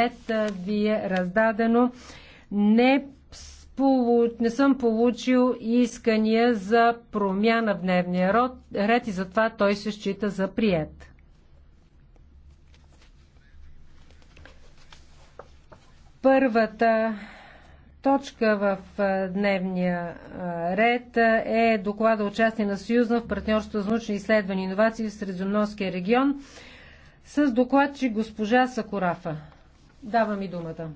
5 ви е раздадено. Не, сполу... не съм получил искания за промяна в дневния род, ред и затова той се счита за прият. Първата точка в дневния ред е доклада участие на Съюзна в партньорство за научни изследвания и иновации в Средиземноморския регион с докладчик госпожа Сакурафа. Давам и думата.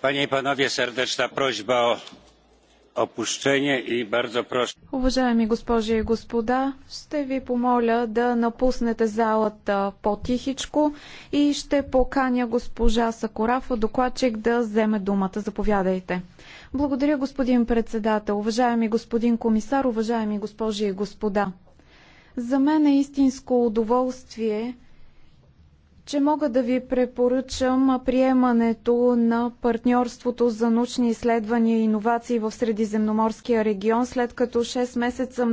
Panie i panowie, serdeczna prośba o opuszczenie i bardzo proszę. Уважаеми госпожи и господа, ще ви помоля да напуснете залата по-тихичко и ще поканя госпожа Сакорафа, докладчик, да вземе думата. Заповядайте. Благодаря, господин председател, уважаеми господин комисар, уважаеми госпожи и господа. За мен е истинско удоволствие че мога да ви препоръчам приемането на партньорството за научни изследвания и иновации в Средиземноморския регион, след като 6 месеца